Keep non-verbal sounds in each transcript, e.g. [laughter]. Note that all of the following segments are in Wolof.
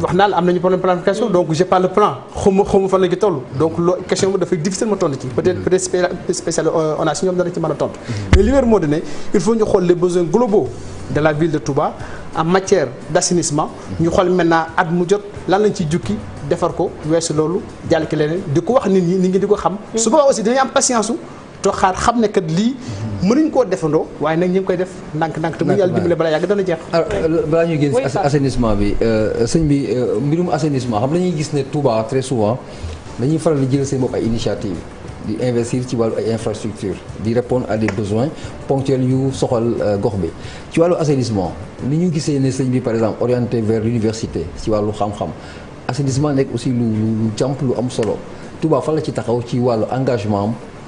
wax naa la plan planification mm. donc j'ai pas le plan la donc la question est difficile ma mm. peut-être que spécial euh, on a signé mm. mais il faut les besoins globaux de la ville de Touba en matière d'assainissement nous voir maintenant at mu lan de jukki de ko de patience toxaat xam ne kat lii mënuñ koo defandoo waaye nag ñu ngi koy def ndànk-ndànk te bu yàlla dimbale balaa yàgg dana jeex euh, balaa ñuy génn si assainissement bi euh, sëñ bi euh, mbirum assainissement xam dañuy gis ne Touba très souvent dañuy faral di jël seen bopp ay initiative di investir ci wàllu ay infrastructure di répondre a des besoins ponctuels yu soxal gox bi ci wàllu assainissement ni ñu gisee ne sëñ bi par exemple orienté vers l'université ci wàllu xam-xam assainissement nekk aussi lu lu jàmp lu am solo Touba fan la ci taxaw ci wàllu engagement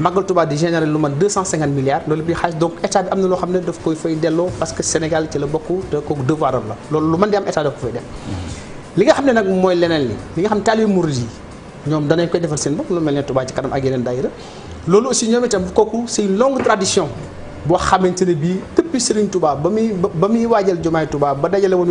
Magal Touba di générer lu man 250 milliards loolu bi xaalis donc état bi am na loo xam ne daf koy fay delloo parce que Sénégal ci la bokk te kooku devoir la loolu lu mën di am état da ko mm-hmm. mooy leneen li yi ñoom danañ koy defal seen ne Touba ci kanam ak yeneen daayira loolu aussi ñoom itam kooku c'est une longue tradition boo xamante ne bii depuis Serigne Touba ba muy ba muy waajal jumaay Touba ba dajale woon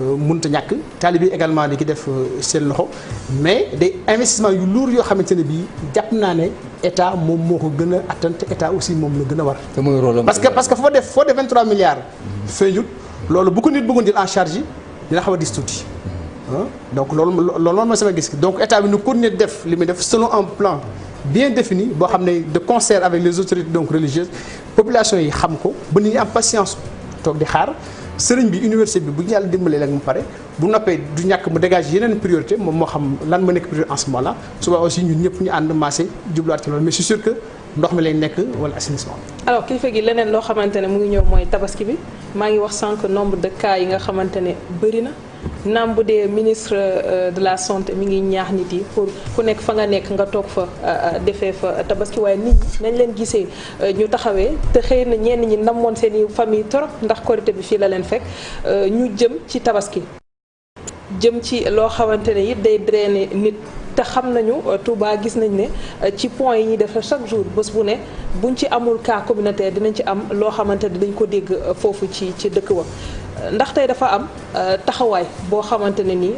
Euh, mënut ñak talibi également di ki def euh, seen loxo mais des investissements yu lourd yo xamante ne bii jàpp naa ne état mom moko gëna atante a état aussi mom la gëna war. parce que parce que fo def fo def 23 milliards. Mhm. feeñut lolu bu ko nit bëggoon di en charge dina xawa a dis tuuti. Mhm. Hein? donc lolu lolu mooy sama gis donc état bi nu continuer def limi def selon un plan bien défini bo xamné de concert avec les autorités donc religieuses population yi xam ko ba nit am patience tok di xaar. sëriñ bi université bi bu ñu yàlla dimbalee rek mu pare bu noppee du ñàkk mu dégage yeneen priorité moom moo xam lan ma nekk priorité en ce moment suba aussi ñun ñëpp ñu ànd maase jubluwaat ci loolu mais c'est sûr que ndox mi lay nekk wala assainissement alors kilifa gi leneen loo xamante ne mu ngi ñëw mooy tabaski bi maa ngi wax sànq nombre de yi nga xamante ne bëri na naam bu dee ministre euh, de la santé mi ngi ñaax nit yi pour ku nekk fa nga nekk nga toog fa euh, euh, defee fa tabaski waaye nit nañ leen gisee ñu taxawee te xëy na ñenn ñi namoon seen i famille trop ndax korité bi fii la leen fekk ñu jëm ci tabaski jëm ci loo xamante ne it day drainer nit te xam nañu Touba gis nañ ne ci point yi ñuy def chaque jour bés bu ne buñ ci amul cas communautaire dinañ ci am loo xamante ne dinañ ko dégg foofu ci ci dëkk wa ndax tey dafa am euh, taxawaay boo xamante ne nii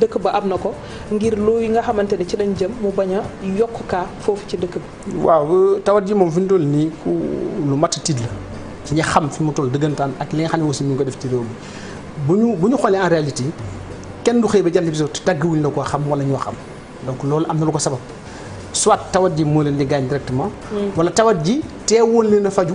dëkk ba am na ko ngir yi nga xamante ne ci lañ jëm mu bañ a yokk kaa foofu ci dëkk bi. waaw euh, tawat ji moom fi mu toll nii ku lu mat a tiit la ci ñi xam fi mu toll dëggantaan ak li nga xam ne aussi mu ngi ko def ci réew bu ñu bu ñu xoolee en réalité kenn du xëy ba jant bi soo tàgguwuñ la koo xam wala ñoo xam donc loolu am na lu ko sabab soit tawat ji moo leen di gaañ directement. Mm. wala tawat ji teewoon leen a faju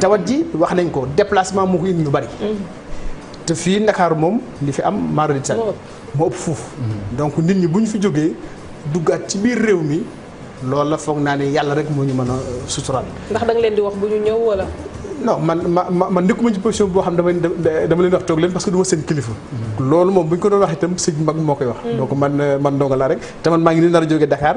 tawat ji wax nañ ko déplacement moo ko indi lu bari. te fii Ndakaaru moom li fi am maaradi tali moo ëpp foofu donc nit ñi bu ñu fi jógee duggaat ci biir réew mi loolu la foog naa ne yàlla rek moo ñu mën a euh, suturaal ndax da nga leen di wax bu ñu ñëw wala non man ma man nekkuma ci position boo xam dama dama leen wax toog leen parce que du seen kilifa loolu moom bu ñu ko doon wax itam sëñ mag moo koy wax mm. donc man euh, man ndongo laa rek te man maa ngi nii nar a jógee Dakar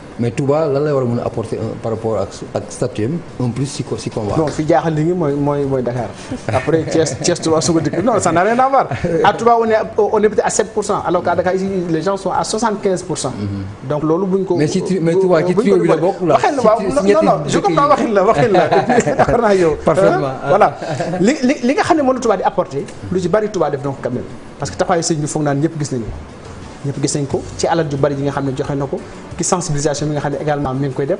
mais Touba lan là war a mën a apporter par rapport ak ak statut un plus si ko si combat. non fi jaaxal nit ñi mooy mooy mooy Dakar après Thiès Thiès Touba su ko dikk non ça n'a rien à voir à Touba on est on est peut-être à 7 alors qu'à Dakar ici les gens sont à 75 mm-hmm. donc l'olu buñ ko. mais si mais Touba ci trio bi la bokk la. non non je comprends waxin la waxin la [laughs] d'accord naa parfaitement hein? voilà li li li nga xam ne moom la Touba di apporter lu ci bari Touba def donc quand même parce que taxawaayu sëñ bi foog naan ñëpp gis nañu ñëpp gis nañ ko ci alal ju bari ji nga xam ne joxe na ko ci sensibilisation bi nga xam ne également mi ngi koy def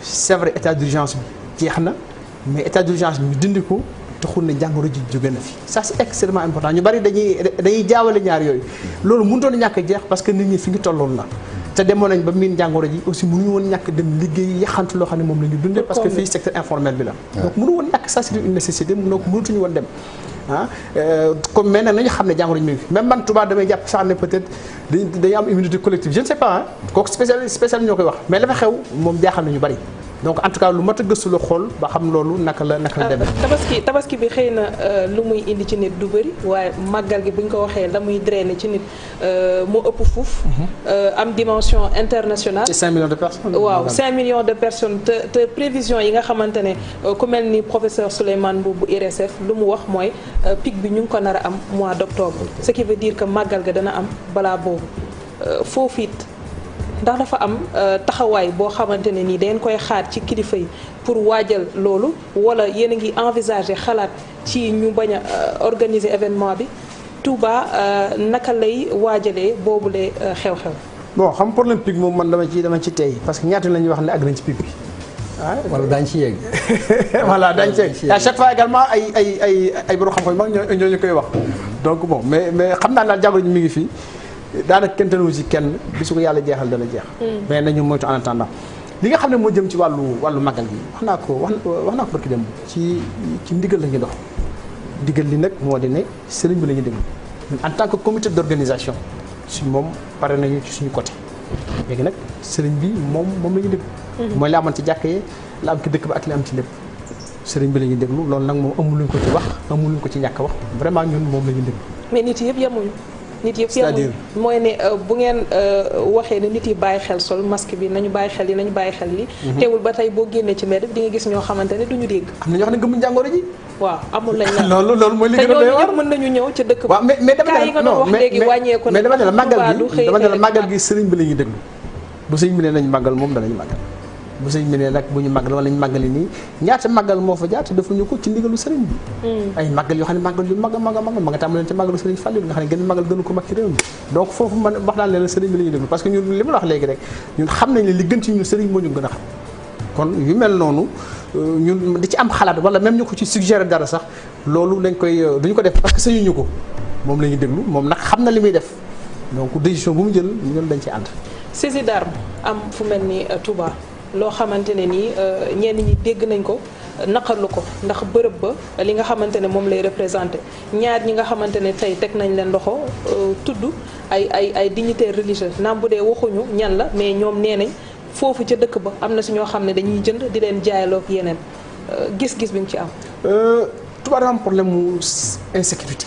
c'est vrai état d'urgence bi jeex na mais état d'urgence bi ñu dindi ko taxul na jàngoro ji jóge na fi ça c'est extrêmement important ñu bari dañuy dañuy jaawale ñaar yooyu loolu mënutoon ñàkk jeex parce que nit ñi fi ñu tolloon la te demoon nañ ba miin jàngoro ji aussi mënuñu woon ñàkk dem liggéey yaxantu loo xam ne moom la ñu dundee parce que fii secteur informel bi la donc mënu woon ñàkk ça c'est une nécessité donc woon dem Hein, euh, comme même man nous de ça peut-être des immunité collective je ne sais pas hein. spécial spécial mais donc en tout cas lu mata a gëstu la ba xam lolu naka la naka la ah, demee. tabaski tabaski bi xeyna na euh, lu muy indi ci nit du bëri waaye magal gi buñ ko waxé la muy drainer ci nit euh moo ëpp mhm. euh am dimension internationale. ci 5 millions de personnes. waaw 5 millions de personnes te te prévision yi nga xamantene euh, ku melni professeur Souleymane Mboup bu IRSF lu mu wax moy euh, pic bi ñu ngi ko nara am mois d'octobre ce qui veut dire que magal ga dana am bala boobu euh it ndax dafa am euh, taxawaay boo xamante ne nii dangeen koy xaar ci kilifa yi pour waajal loolu wala yéen a ngi envisager xalaat ci ñu bañ a euh, organiser événement bi Touba euh, naka lay waajalee boobule xew-xew. bon xam problème pic moom man dama ci dama ci tey parce que ñaata la ñuy wax ne ak nañ ci pic bi. Ah, [laughs] wala daañu ci yegg. [laughs] voilà daañu ci yegg à chaque fois également ay ay ay ay borom xam-xam yi ñoo koy wax. donc bon mais mais xam naa daal jàngoro mi ngi fii. daanaka kenn tënoo si kenn bisu ko yàlla jeexal dana jeex. Mm. mais nañu moytu en attendant li nga xam ne moo jëm ci wàllu wàllu magal gi wax naa ko wax wax naa ko barki dem ci ci ndigal la ñuy dox ndigal li nag moo di ne sëriñ bi la ñuy déglu ñun en tant que comité d'organisation si moom pare nañu ci côté léegi nag sëriñ bi moom moom la ñuy déglu. Mm-hmm. mooy la amoon ci jàkk yi dëkk ba ak li am ci lépp. sëriñ bi la ñuy déglu loolu nag moom amuluñ ko ci wax amuluñ ko ci ñàkk wax vraiment ñun moom la ñuy déglu. mais nit yëpp yemuñu. nit yëpp yemul mooy ne euh, bu ngeen euh, waxee ne nit yi bàyyi xel sol masque bi nañu bàyyi xel yi nañu bàyyi xel yi mhm. teewul ba tey boo génnee ci mbedd di nga gis ñoo xamante ne duñu dégg am na ñoo xam ne gëmuñ jàngoro ji waaw amul lañ [laughs] loolu loolu mooy li gën a doy waar mën nañu ñëw ci dëkk waaw mais dama yi nga doon wàññeeku na dama ne la màggal gi dama ne la màggal gi sëriñ bi la ñuy déglu bu sëriñ bi ne nañ màggal moom danañ màggal bu sëñ bi ne nag bu ñu màggal wala ñu màggali nii ñaata màggal moo fa jaate defuñu ko ci ndigalu sëriñ bi mm. ay màggal yoo xam ne màggal yu mag a mag a mag ma nga tàmbalee ci màggalu sëriñ Fallou nga xam ne gën màggal gënu ko mag ci réew mi donc foofu man wax naa leen sëriñ bi la ñuy déglu parce que ñun li ma la wax léegi rek ñun xam nañ ne li gën ci ñun sëriñ moo ñu gën a xam kon yu mel noonu euh, ñun di ci am xalaat wala même ñu ko ci suggéré dara sax loolu dañ koy euh, duñu ko def parce que sëñuñu ko moom la ñuy déglu moom nag xam na li muy def donc décision bu mu jël ñun dañ ci ànd saisi d'arme am fu mel ni euh, Touba loo xamante ne nii euh, ñenn ñi dégg nañ ko naqarlu ko ndax bërëb ba li nga xamante ne moom lay représenté ñaar ñi nga xamante ne tey teg nañ leen loxo euh, tudd ay ay ay dignitaires religieux naam bu dee waxuñu ñan la mais ñoom nee nañ foofu ca dëkk ba am na si ñoo xam ne dañuy jënd di leen jaayaloog yeneen euh, gis-gis bi nga ci am. Touba dafa am problème insécurité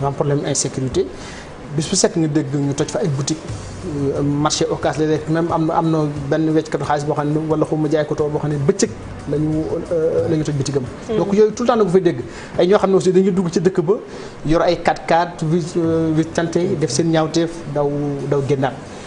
dafa am problème insécurité. bis bu set nga dégg ñu toj fa ay boutique euh, marché ocas la rek même am na am na benn weccikatu xaalis boo xam ne wala xaw ma jaay ko too boo xam ne bëccëg lañu euh, la ñu toj bitigam hmm. donc yooyu tout le temps na ko fay dégg ay ñoo xam ne aussi dañuy dugg ci dëkk ba yor ay 4x4 euh, def seen ñaawteef daw daw génnaat